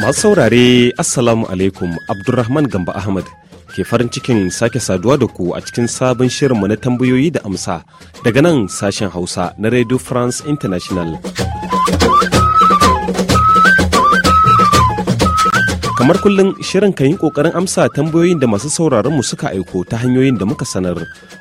Masu saurare Assalamu alaikum Abdulrahman Gamba Ahmad ke farin cikin sake saduwa da ku a cikin sabon shirinmu na tambayoyi da amsa daga nan sashen Hausa na Radio France International. kamar kullum shirin kan yi kokarin amsa tambayoyin da masu sauraron mu suka aiko ta hanyoyin da muka sanar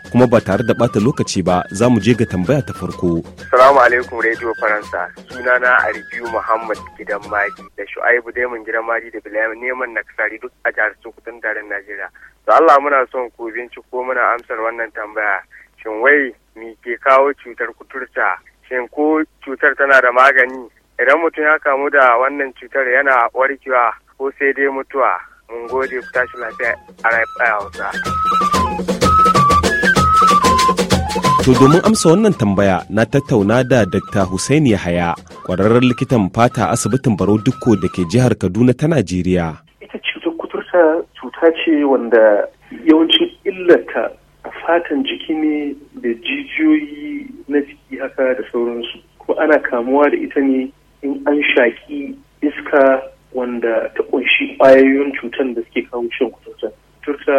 kuma ba tare da bata lokaci ba za mu je ga tambaya ta farko salamu alaikum radio faransa sunana aribiyu muhammad gidan maji da shu'aibu daimun gidan maji da bilayen neman duk a jihar sokoton daren najeriya to allah muna son ku binciko muna amsar wannan tambaya shin wai me ke kawo cutar kuturta shin ko cutar tana da magani idan mutum ya kamu da wannan cutar yana warkewa ko sai dai mutuwa mun gode ku tashi lafiya a hausa. To domin amsa wannan tambaya na tattauna da Dr. Hussein Yahaya, kwararren likitan fata asibitin baro Dukko da ke jihar Kaduna ta Najeriya. Ita cutar kuturta cuta ce wanda yawancin illata a fatan jiki ne da jijiyoyi na jiki haka da sauransu. Kuma ana kamuwa da ita ne in an shaƙi iska wanda ta kunshi ƙwayoyin cutan da suke kawo ciwon kuturta kuturta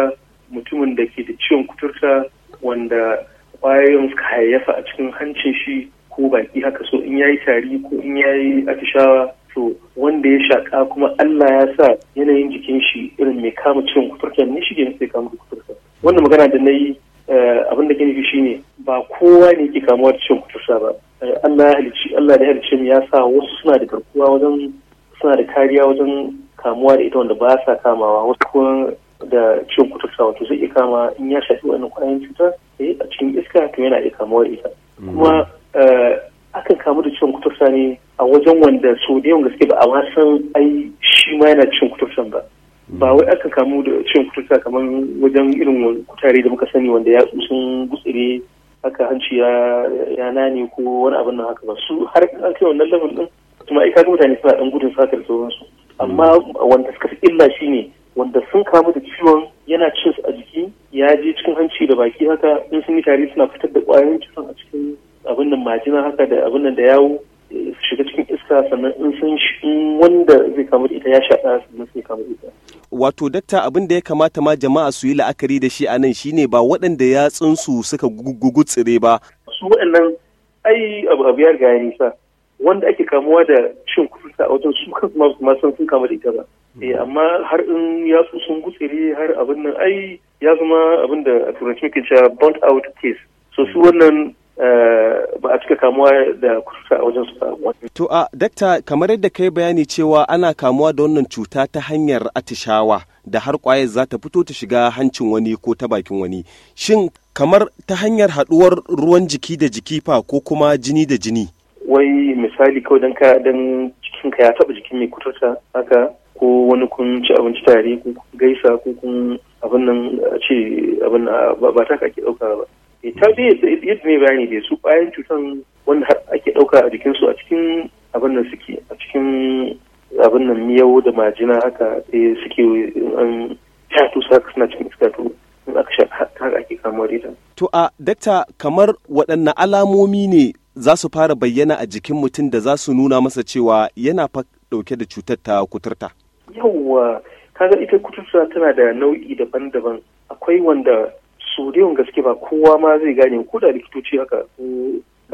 mutumin da ke da ciwon kuturta wanda ƙwayoyin suka hayayyafa a cikin hancin shi ko baki haka so in yayi tari ko in yayi atishawa to wanda ya shaka kuma Allah ya sa yanayin jikin shi irin mai kama ciwon kuturta ne shi ne sai kama kuturta wannan magana da na yi eh, abin da ke nufi shine ba kowa ne ke kamuwa da ciwon kuturta ba eh, Allah ya halicci Allah da halicci ya sa wasu suna da garkuwa wajen suna da kariya wajen kamuwa da ita wanda ba sa kamawa wasu ko da ciwon kuturta wato zai iya kama in ya shafi wannan kwayoyin cutar eh, a cikin iska to yana iya kamuwa da ita kuma eh, akan kamu da ciwon kuturta ne a wajen wanda so da yawan gaske ba a ma san ai shi ma yana ciwon kuturtan ba ba wai aka kamu da ciwon kuturta kamar wajen irin kutare da muka sani wanda ya sun gutsire haka hanci ya nani ko wani abin nan haka ba su har an kai wannan lamarin din kuma ai kaga mutane suna dan gudun satar sauransu amma wanda suka fi illa shine wanda sun kamu da ciwon yana cin a jiki ya je cikin hanci da baki haka in sun yi tari suna fitar da ƙwayoyin ciwon a cikin abin nan majina haka da abin nan da yawo su shiga cikin iska sannan in sun wanda zai kamu da ita ya shaɗa sannan sai kamu da ita. Wato dakta abin da ya kamata ma jama'a su yi la'akari da shi a nan shine ba waɗanda yatsunsu suka tsire ba. Su waɗannan ai abu abu ya riga ya nisa. wanda ake kamuwa da cin kusurta a wajen su kan masu ma sun kama da ita ba mm. eh, amma har in yatsu sun gutsire har abin nan ai ya zama abin da a turanci muke cewa burnt out case so su mm. wannan eh, ba a cika kamuwa da kusurta a wajen su ba to a dakta kamar yadda kai bayani cewa ana kamuwa da wannan cuta ta hanyar atishawa da har kwayar za ta fito ta shiga hancin wani ko ta bakin wani shin kamar ta hanyar haduwar ruwan jiki da jiki fa ko kuma jini da jini wai misali kawai dan ka dan ka ya taba jikin mai kuturta haka ko wani kun ci abinci tare ko gaisa ko kun abin nan ce abin ba ta ake dauka ba eh, ta dai yadda ne bayani da su bayan cutan wanda ake dauka a jikinsu a cikin abin nan suke a cikin abin nan miyau da majina haka sai eh, suke an shatu su haka suna cikin iska to aka sha haka ake kamar ita. To a dakta kamar waɗanne alamomi ne za su fara bayyana a jikin mutum da za su nuna masa cewa yana fa dauke da cutar ta kuturta yawwa kaga ita kuturta tana da nau'i daban-daban akwai wanda su da gaske ba kowa ma zai gane ko da likitoci haka ko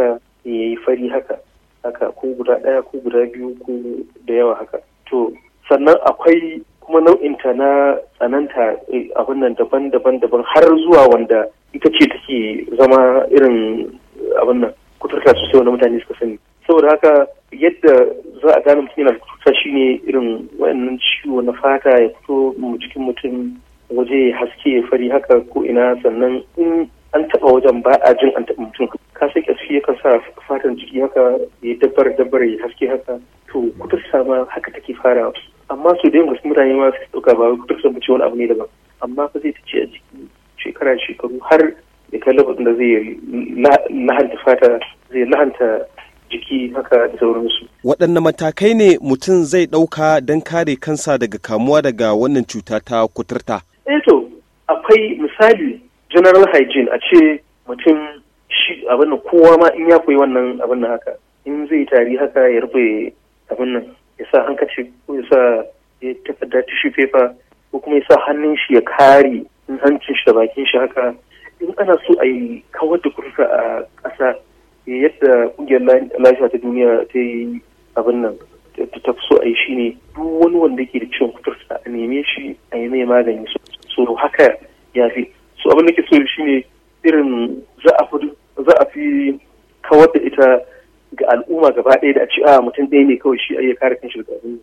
ya yayi fari haka haka ko guda ɗaya ko guda biyu ko da yawa haka to sannan akwai kuma nau'inta na tsananta eh, abin nan daban-daban daban har zuwa wanda ita ce take zama irin abin nan kuturta sosai wanda mutane suka sani saboda haka yadda za a gane mutum yana da kuturta ne irin wa'annan ciwo na fata ya fito cikin mutum waje ya haske fari haka ko ina sannan in an taba wajen ba a jin an taba mutum ka sai kashi yakan sa fatan jiki haka ya dabbar dabbar ya haske haka to kuturta ma haka take fara amma su da wasu mutane ma su ɗauka ba kuturta mace wani abu ne daban amma fa zai ta ce a jiki shekara shekaru har ya kai lokacin da zai lahanta fata zai lahanta jiki haka da sauransu. Waɗanne matakai ne mutum zai ɗauka don kare kansa daga kamuwa daga wannan cuta ta kuturta? Eh to, akwai misali general hygiene a ce mutum shi abin nan kowa ma in ya koyi wannan abin nan haka in zai tari haka ya rufe abin nan ya sa hankaci ko ya sa ya da tissue paper ko kuma ya sa hannun shi ya kare in hancin shi da bakin shi haka in ana so a yi kawar da kurka a ƙasa yadda ƙungiyar lafiya ta duniya ta yi abin nan ta fi so a yi shi ne duk wani wanda ke da ciwon kuturta a neme shi a yi mai magani so haka ya fi so abin da ke so shi ne irin za a fi kawar da ita ga al'umma gaba ɗaya da a ci a ah, mutum ɗaya ne kawai shi a yi kare shi daga abin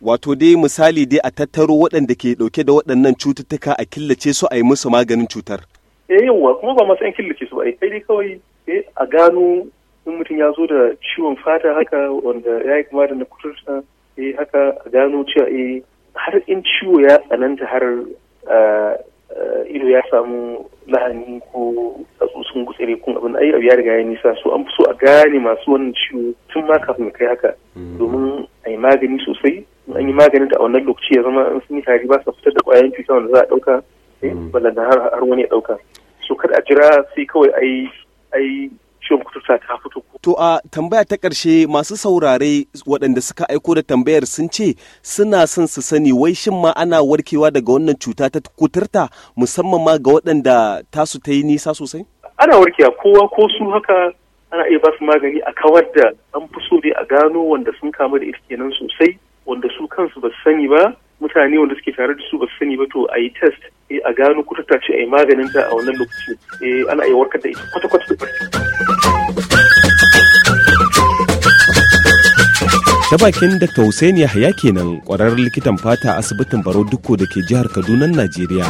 Wato dai misali dai a tattaro waɗanda ke ɗauke da waɗannan cututtuka a killace su a yi musu maganin cutar. Eh yawa kuma ba masu yan killace su ba a dai kawai eh, a gano in mutum ya zo da ciwon fata haka wanda ya yi kuma da na kuturta eh haka a gano cewa eh har in ciwo ya tsananta har ah, ah, ido ya samu lahani ko tsatsu sun gutsire kun abin abu ya riga ya nisa so an fi so a gane masu wannan ciwo tun ma kafin kai haka mm. domin a yi magani sosai an yi maganin da a wannan lokaci ya zama an sunyi tari ba sa fitar da kwayoyin cuta wanda za a ɗauka da eh, mm. har wani ya dauka so kada a jira sai kawai a yi a yi ta fito. To a tambaya ta karshe masu saurare waɗanda suka aiko da tambayar sun ce suna son su sani wai shin ma ana warkewa daga wannan cuta ta kuturta musamman ma ga waɗanda tasu ta yi nisa sosai? Ana warkewa kowa ko su haka ana iya ba su magani a kawar da an fi so dai a gano wanda sun kamu da ita kenan sosai wanda su kansu ba su sani ba mutane wanda suke tare da su ba su sani ba to a yi test eh, a gano ta ce a yi maganin ta a wannan lokaci eh, ana iya warkar da ita kwata-kwata da ta bakin dr hussein yahaya kenan kwararren likitan fata asibitin baro duko da ke jihar kaduna najeriya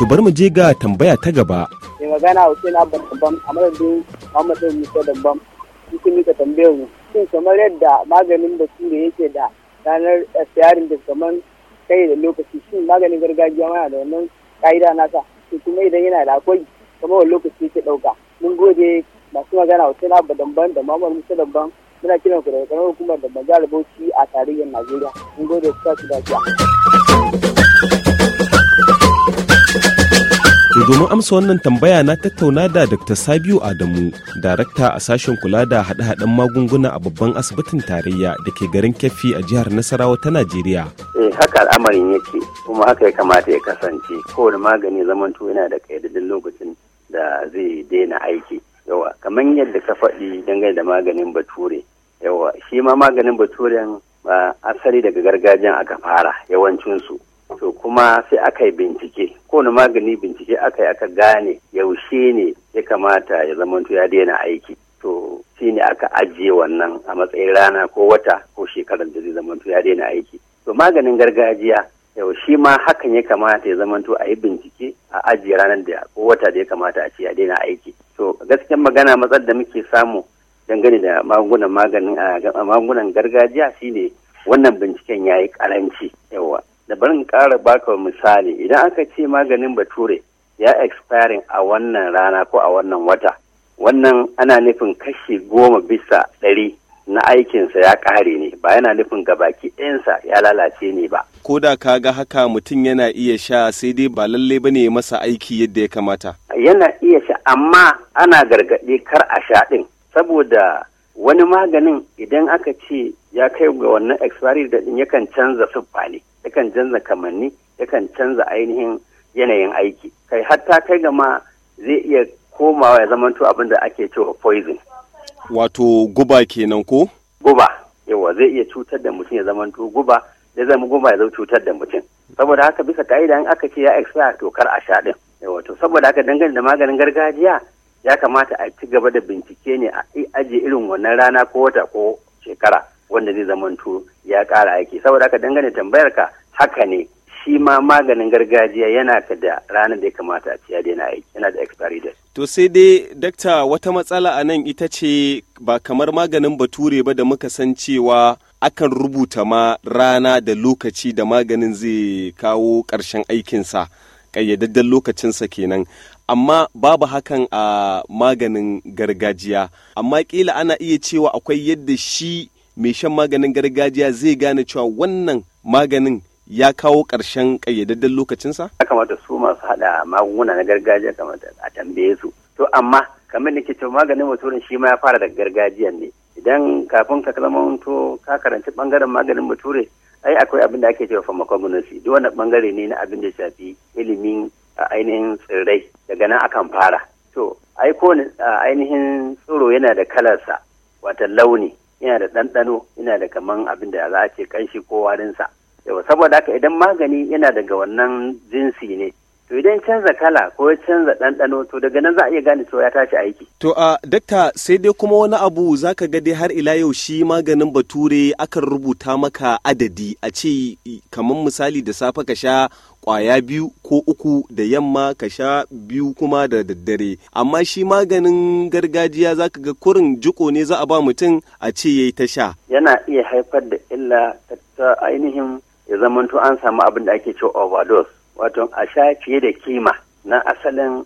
To bari mu je ga tambaya ta gaba. Mai magana Hussein Abba Dabbam a madadin Muhammadu Musa Dabbam. cikin mika tambayar mu. Shin kamar yadda maganin basira yake da ranar tsayarin da kamar kai da lokaci shin maganin gargajiya ma da wannan ka'ida nasa. Shin kuma idan yana da akwai kamar wani lokaci yake ɗauka. Mun gode masu magana Hussein Abba Dabbam da Muhammadu Musa Dabbam. Muna kiran ku daga ƙaramar hukumar da Bajal Bauchi a tarihin Najeriya. Mun gode ku sa su lafiya. To domin amsa wannan tambaya na tattauna da Dr. Sabiu Adamu, darakta a sashen kula da haɗe-haɗen magunguna a babban asibitin tarayya da ke garin Keffi a jihar Nasarawa ta Najeriya. Eh haka al'amarin yake kuma haka ya kamata ya kasance kowane magani zamanto yana da ƙayyadaddin lokacin da zai daina aiki. Yawa kamar yadda ka faɗi dangane da maganin bature. Yawa shi ma maganin baturen asali daga gargajiyan aka fara yawancinsu. to kuma sai aka yi bincike ko kowane magani bincike aka yi aka gane yaushe ne ya kamata ya zama ya daina aiki to shi ne aka ajiye wannan a matsayin rana ko wata ko shekarar da zai ya daina aiki to maganin gargajiya yau shi ma hakan ya kamata ya zamanto a yi bincike a ajiye ranar da ko wata da ya kamata a ce ya daina aiki to gaskiyar magana matsar da muke samu dangane da magungunan maganin magungunan gargajiya shine wannan binciken ya yi karanci yawa da barin ƙara baka misali idan aka ce maganin bature ya expiring a wannan rana ko a wannan wata wannan ana nufin kashi goma bisa ɗari na aikinsa ya ƙare ne ba yana nufin ga baki ɗayansa ya lalace ne ba. Ko da ka ga haka mutum yana iya sha sai dai ba lalle ba ne masa aiki yadda ya kamata. Yana iya sha amma ana gargaɗe kar a sha ɗin saboda wani maganin idan aka ce ya kai ga wannan expiry da ɗin yakan canza siffa ne. yakan canza kamanni yakan canza ainihin yanayin aiki kai hatta kai gama zai iya komawa ya zamanto abin da ake cewa poison wato guba kenan ko guba yawa zai iya cutar da mutum ya to guba ya zama guba ya zama cutar da mutum saboda haka bisa ka'ida in aka ce ya expire to a sha din yawa to saboda haka dangane da maganin gargajiya ya kamata a ci gaba da bincike ne a ajiye irin wannan rana ko wata ko shekara wanda zai zamanto ya ƙara aiki saboda haka dangane tambayar ka haka ne shi ma maganin gargajiya yana da ranar da ya kamata a ci ya aiki yana da expiry date. To sai dai dakta wata matsala a nan ita ce ba kamar maganin bature ba da muka san cewa akan rubuta ma rana da lokaci da maganin zai kawo ƙarshen aikinsa ƙayyadadden lokacinsa kenan amma babu hakan a maganin gargajiya amma ƙila ana iya cewa akwai yadda shi mai shan maganin gargajiya zai gane cewa wannan maganin ya kawo ƙarshen ƙayyadadden lokacinsa? Ya kamata su masu haɗa magunguna na gargajiya kamata a tambaye su. To amma kamar da ke cewa maganin mutumin shi ma ya fara daga gargajiyan ne. Idan kafin ka kalma to ka karanci ɓangaren maganin bature ai akwai abin da ake cewa pharmacognosy duk wani ɓangare ne na abin da shafi ilimin ainihin tsirrai daga nan akan fara. To ai ko ainihin tsiro yana da kalarsa wata launi yana da ɗanɗano yana da kaman abin da za a ce kanshi ko warinsa. yawa saboda haka idan magani yana daga wannan jinsi ne to idan canza kala ko canza ɗanɗano to daga nan za a iya gane cewa ya tashi aiki. To a dakta sai dai kuma wani abu za ka ga dai har ila yau shi maganin bature akan rubuta maka adadi a ce kamar misali da safe ka sha kwaya biyu ko uku da yamma ka sha biyu kuma da daddare amma shi maganin gargajiya za ka ga kurin jiko ne za a ba mutum a ce ya ta sha. Yana iya haifar da illa ta ainihin ya zamanto an samu abin da ake cewa overdose wato a sha fiye da kima na asalin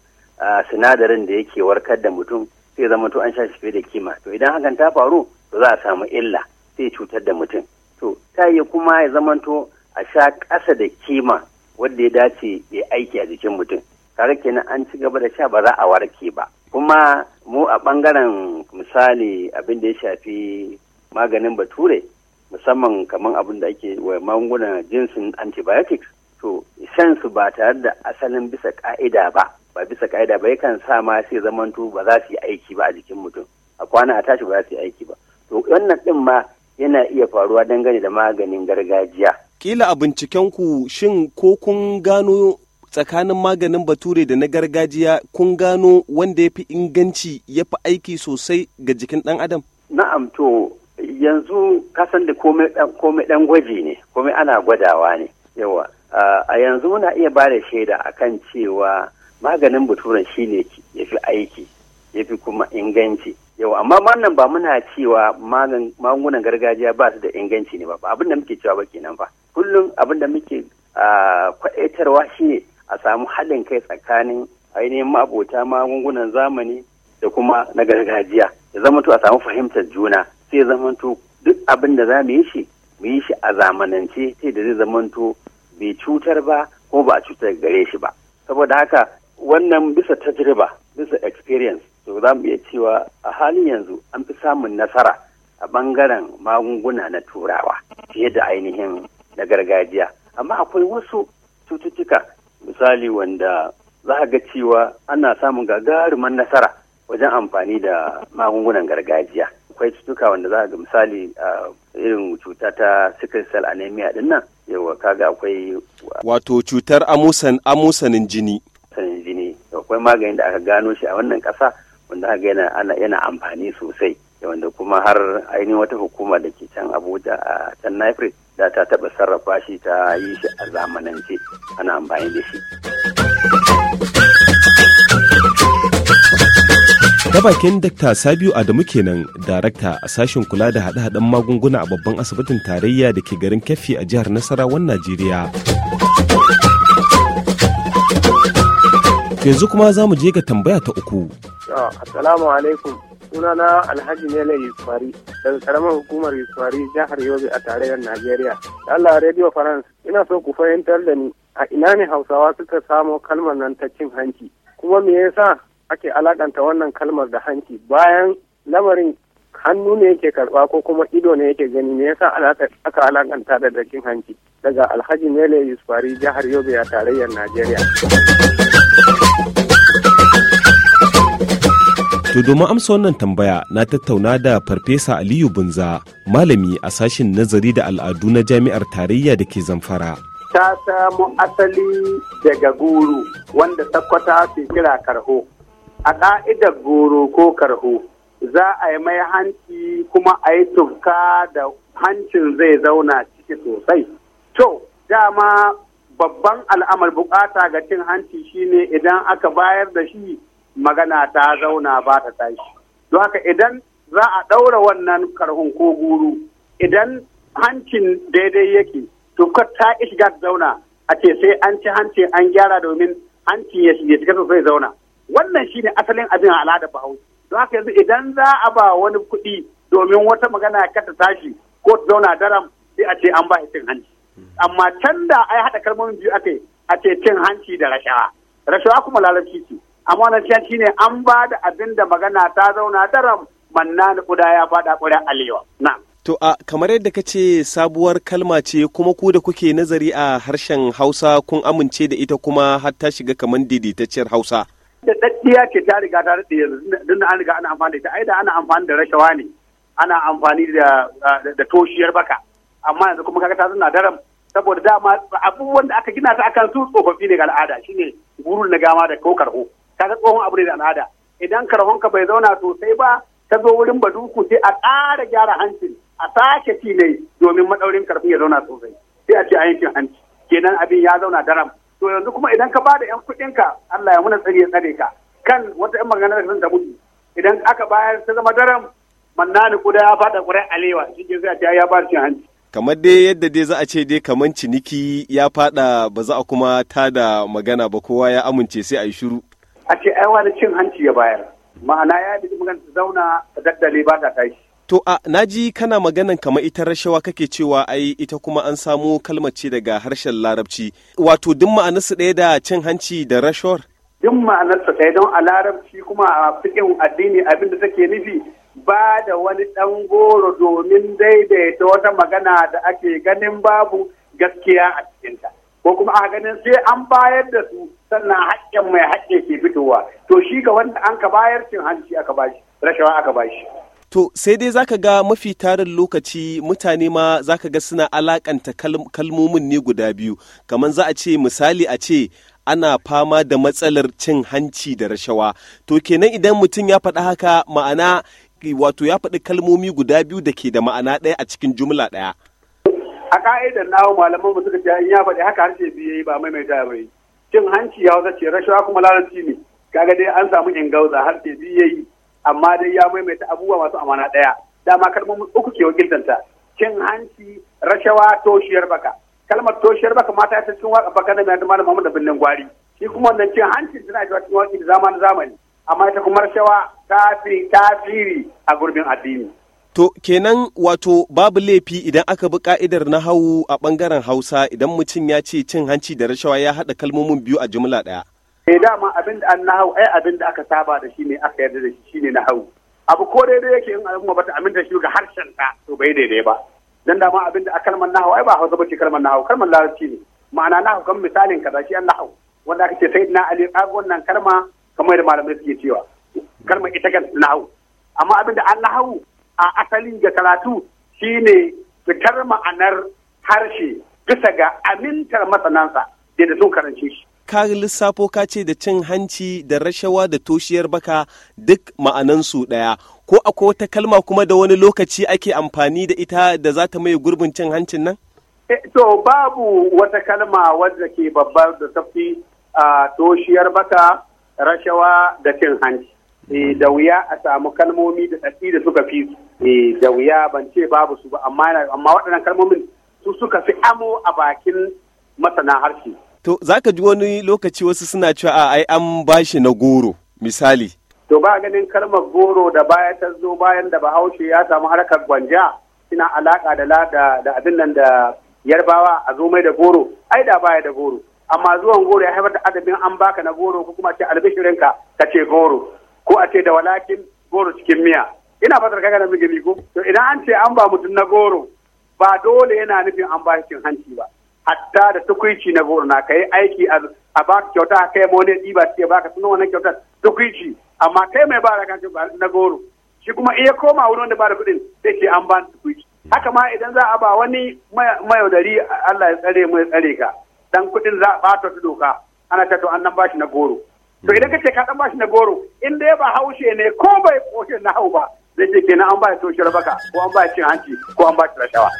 sinadarin da yake warkar da mutum sai zamanto an sha shi fiye da kima to idan hakan ta faru to za a samu illa sai cutar da mutum to ta yi kuma ya zamanto a sha ƙasa da kima wanda ya dace ya aiki a jikin mutum kaga kenan an ci gaba da sha ba za a warke ba kuma mu a ɓangaren misali abin da ya shafi maganin bature musamman kamar abin da ake wa magungunan jinsin antibiotics to shansu ba tare da asalin bisa ka'ida ba ba bisa ka'ida ba yakan sa ma sai zamanto ba za su yi aiki ba a jikin mutum a kwana a tashi ba za su yi aiki ba to wannan din ma yana iya faruwa dangane da maganin gargajiya kila a binciken ku shin ko kun gano tsakanin maganin bature da na gargajiya kun gano wanda ya fi inganci ya fi aiki sosai ga jikin ɗan adam na'am to yanzu kasan da komai dan gwaji ne komai ana gwadawa ne yawa a yanzu muna iya ba da shaida kan cewa maganin buturan shine ya fi aiki ya fi kuma inganci yawa amma wannan ba muna cewa magungunan gargajiya ba su da inganci ne ba abin da muke cewa ba kenan ba kullum abin da muke kwaɗaitarwa ne a samu haɗin kai tsakanin ainihin mabota magungunan zamani da kuma na gargajiya ya zama to a samu fahimtar juna sai zamanto duk abin da za mu yi shi mu yi shi a zamanance sai da zai zamanto bai cutar ba ko ba a cutar gare shi ba saboda haka wannan bisa tajriba bisa experience to za mu iya cewa a halin yanzu an fi samun nasara a bangaren magunguna na turawa fiye da ainihin na gargajiya amma akwai wasu cututtuka misali wanda za ga cewa ana samun gagarumar nasara wajen amfani da magungunan gargajiya akwai cutuka wanda za ga misali a irin cuta ta sickle cell anemia din nan yawa kaga akwai wato cutar amusan amusanin jini sanin jini akwai maganin da aka gano shi a wannan kasa wanda aka yana ana yana amfani sosai wanda kuma har ainihin wata hukuma da ke can Abuja a can Nifrit da ta taba sarrafa shi ta yi shi a zamanance ana amfani da shi. ta bakin Dr. Sabiu Adamu kenan, darakta a sashen kula da haɗe-haɗen magunguna a babban asibitin tarayya da ke garin Keffi a jihar Nasarawan Najeriya. Yanzu kuma za mu je ga tambaya ta uku. Assalamu alaikum. Sunana Alhaji Nele Yusufari, daga karamar hukumar Yusufari jihar Yobe a tarayyar Najeriya. Allah Radio France, ina so ku fahimtar da ni a ina ne Hausawa suka samo kalmar nan ta cin hanci. Kuma me yasa ake alakanta wannan kalmar da hanci bayan lamarin hannu ne yake karba ko kuma ido ne yake gani me yasa aka alakanta da dakin hanci daga alhaji mele yusufari jihar yobe a tarayyar najeriya To domin amsa wannan tambaya na tattauna da Farfesa Aliyu Bunza, malami a sashen nazari da al'adu na jami'ar tarayya da ke zamfara. Ta samu asali daga guru wanda kwata ke kira karho. a ƙa'idar goro ko karho za a yi mai hanci kuma a yi tufka da hancin zai zauna ciki sosai to dama babban al'amar bukata ga cin hanci shine idan aka bayar da shi magana ta zauna ba ta tashi don haka idan za a ɗaura wannan karhun ko guru idan hancin daidai yake tukar ta ishiga zauna a ce sai an ci hancin an gyara domin hancin ya shiga sosai zauna wannan shine asalin abin al'adar bahaushe don haka yanzu idan za a ba wani kuɗi domin wata magana ya ta tashi ko ta zauna daram sai a ce an ba cin hanci amma can da ai haɗa kalmomin biyu aka a ce cin hanci da rashawa rashawa kuma larabci ce amma wannan shi shine an ba da abin da magana ta zauna daram manna na kuda ya faɗa ƙudan alewa na. To a kamar yadda ka ce sabuwar kalma ce kuma ku da kuke nazari a harshen Hausa kun amince da ita kuma har ta shiga kamar daidaitacciyar Hausa. da daddiya ce ta riga ta daɗe yanzu an riga ana amfani da ita aida da ana amfani da rashawa ne ana amfani da toshiyar baka amma yanzu kuma kaga ta zana daram saboda dama abubuwan da aka gina ta akan su tsofaffi ne ga al'ada shine gurun na gama da ko karho kaga tsohon abu ne da al'ada idan karhon ka bai zauna sosai ba ta zo wurin baduku sai a ƙara gyara hancin a sake ci ne domin maɗaurin karfi ya zauna sosai sai a ce a yankin hanci kenan abin ya zauna daram to yanzu kuma idan ka bada yan kuɗinka Allah ya muna tsari ya tsare ka kan wata yan magana da ta mutu idan aka bayar ta zama daram mannani kuda ya bada kurai alewa shi ke sai a ya ba cin hanci kamar dai yadda dai za a ce dai kamar ciniki ya fada ba za a kuma tada magana ba kowa ya amince sai a yi shiru a ce aiwa da cin hanci ya bayar ma'ana ya yi magana ta zauna da daddale ba ta tashi To a naji kana maganan kamar ita rashawa kake cewa ai ita kuma an samo kalmace daga harshen larabci. Wato duk ma'anarsu ɗaya da cin hanci da rashawar? Duk ma'anarsa ɗaya don a larabci kuma a fiƙin addini abin da take nufi ba da wani ɗan goro domin daidaita wata magana da ake ganin babu gaskiya a cikinta. Ko kuma a ganin sai an bayar da su sannan haƙƙin mai haƙƙe ke fitowa. To shi ga wanda an ka bayar cin hanci aka bashi, rashawa aka bashi. To sai dai zaka ga mafi tarin lokaci mutane ma zaka ga suna alakanta kalmomin ne guda biyu, kamar za a ce misali a ce ana fama da matsalar cin hanci da rashawa. To kenan idan mutum ya faɗi haka ma'ana wato ya faɗi kalmomi guda biyu da ke da ma'ana ɗaya a cikin jumla ɗaya. A ka'idar nawo malaman mu suka ce in ya faɗi haka harshe biyu yayi ba maimaita ba Cin hanci ya wata ce rashawa kuma lalaci ne. Kaga dai an samu ingauza harshe biyu yayi. amma dai ya maimaita abubuwa masu amana ɗaya dama kalmomin uku ke ta cin hanci rashawa toshiyar baka kalmar toshiyar baka mata ta cikin waka baka na mai da malama da binnin gwari shi kuma wannan cin hanci tana da cikin waki da zamanin zamani amma ita kuma rashawa fi tasiri a gurbin addini To kenan wato babu laifi idan aka bi ka'idar na hau a bangaren Hausa idan mutum ya ce cin hanci da rashawa ya haɗa kalmomin biyu a jumla ɗaya. sai eh, dama abin da an hau ai abin da aka saba da shi ne aka yarda da shi shine hau. abu ko daidai yake in al'umma bata aminta shi ga harshen ta to bai daidai ba dan dama abin da kalmar nahau ai ba hausa bace kalmar nahau kalmar larabci ne ma'ana nahau kan misalin kaza shi an hau wanda aka ce sai na ali kaga wannan kalma kamar da malamai suke cewa kalmar ita kan hau amma abin da an na hau a asalin ga karatu shine fitar ma'anar harshe bisa ga amintar masanansa da sun karance shi ka lissafo ka ce da cin hanci da rashawa da toshiyar baka duk ma'anansu ɗaya ko akwai wata kalma kuma da wani lokaci ake amfani da ita da za ta mai gurbin cin hancin nan? Eh, to babu wata kalma wadda ke babbar da tafi a toshiyar baka rashawa da cin hanci. Eh, da wuya a samu kalmomi da tsatsi da suka fi eh, da wuya ban ce babu su ba amma waɗannan kalmomin su suka fi amo a bakin masana harshe To za ka ji wani lokaci wasu suna cewa a ai an bashi na goro misali. To ba ganin kalmar goro da baya ta zo bayan da bahaushe ya samu harkar gwanja suna alaka da da abin nan da yarbawa a zo mai da goro ai da baya da goro amma zuwan goro ya haifar da adabin an baka na goro ko kuma ce albishirinka ka ka ce goro ko a ce da walakin goro cikin miya ina fatar kaga na mijini ko to idan an ce an ba mutum na goro ba dole yana nufin an ba shi cin hanci ba hatta da tukuici na gona ka yi aiki a ba kyauta a kai mone ɗiba ce ba ka suna wannan kyautar tukuici amma kai mai ba da kan na goro shi kuma iya koma wurin da ba da kuɗin sai ce an ba tukuici haka ma idan za a ba wani mayaudari Allah ya tsare mu tsare ka dan kuɗin za a bata ta doka ana ta an nan bashi na goro to idan ka ce ka dan bashi na goro in dai ba haushe ne ko bai koshe na hau ba zai ce kenan an ba ya baka ko an ba ya cin hanci ko an ba shi rashawa.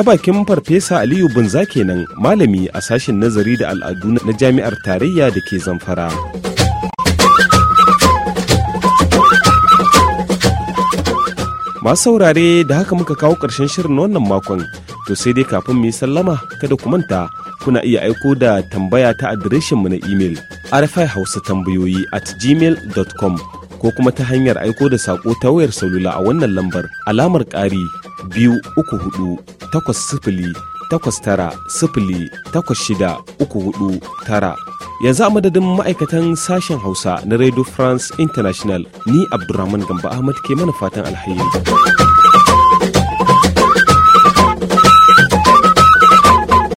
ta bakin farfesa aliyu bunza kenan malami a sashen nazari da al'adu na jami'ar tarayya da ke zamfara masu saurare da haka muka kawo karshen shirin wannan makon to sai dai kafin mu yi sallama kada ku manta kuna iya aiko da tambaya ta mu na imel rfi hausa tambayoyi at gmail.com ko kuma ta hanyar aiko da saƙo ta wayar salula a wannan lambar alamar ƙari biyu uku hudu takwas sifili takwas tara sifili takwas shida uku tara yanzu a madadin ma'aikatan sashen hausa na radio france international ni abdulrahman gamba ahmad ke mana fatan alhairi